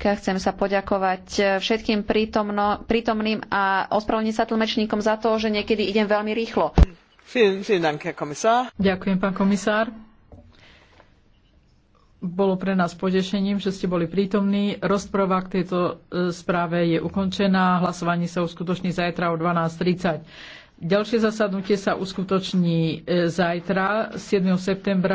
Chcem sa poďakovať eh, všetkým prítomno, prítomným a ospravedlniť sa tlmečníkom za to, že niekedy idem veľmi rýchlo. Ďakujem, pán komisár. Bolo pre nás potešením, že ste boli prítomní. Rozprava k tejto eh, správe je ukončená. Hlasovanie sa uskutoční zajtra o 12.30. Ďalšie zasadnutie sa uskutoční eh, zajtra, 7. septembra.